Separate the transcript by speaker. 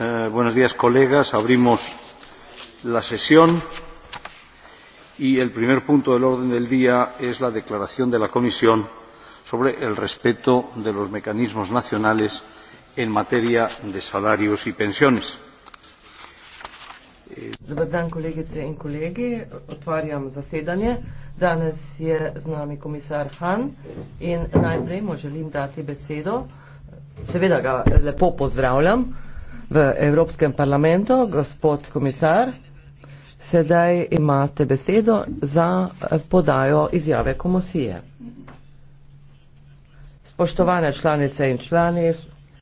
Speaker 1: Eh, buenos días colegas abrimos la sesión y el primer punto del orden del día es la declaración de la comisión sobre el respeto de los mecanismos nacionales en materia de salarios y pensiones. Eh,
Speaker 2: Dobar dan, kolegice in kolegi. Otvarjam zasedanje. Danes je z nami komisar Han in najprej mu želim dati besedo. Seveda ga lepo pozdravljam. Uh, v Evropskem parlamentu, gospod komisar, sedaj imate besedo za eh, podajo izjave komisije. Spoštovane članice in člani,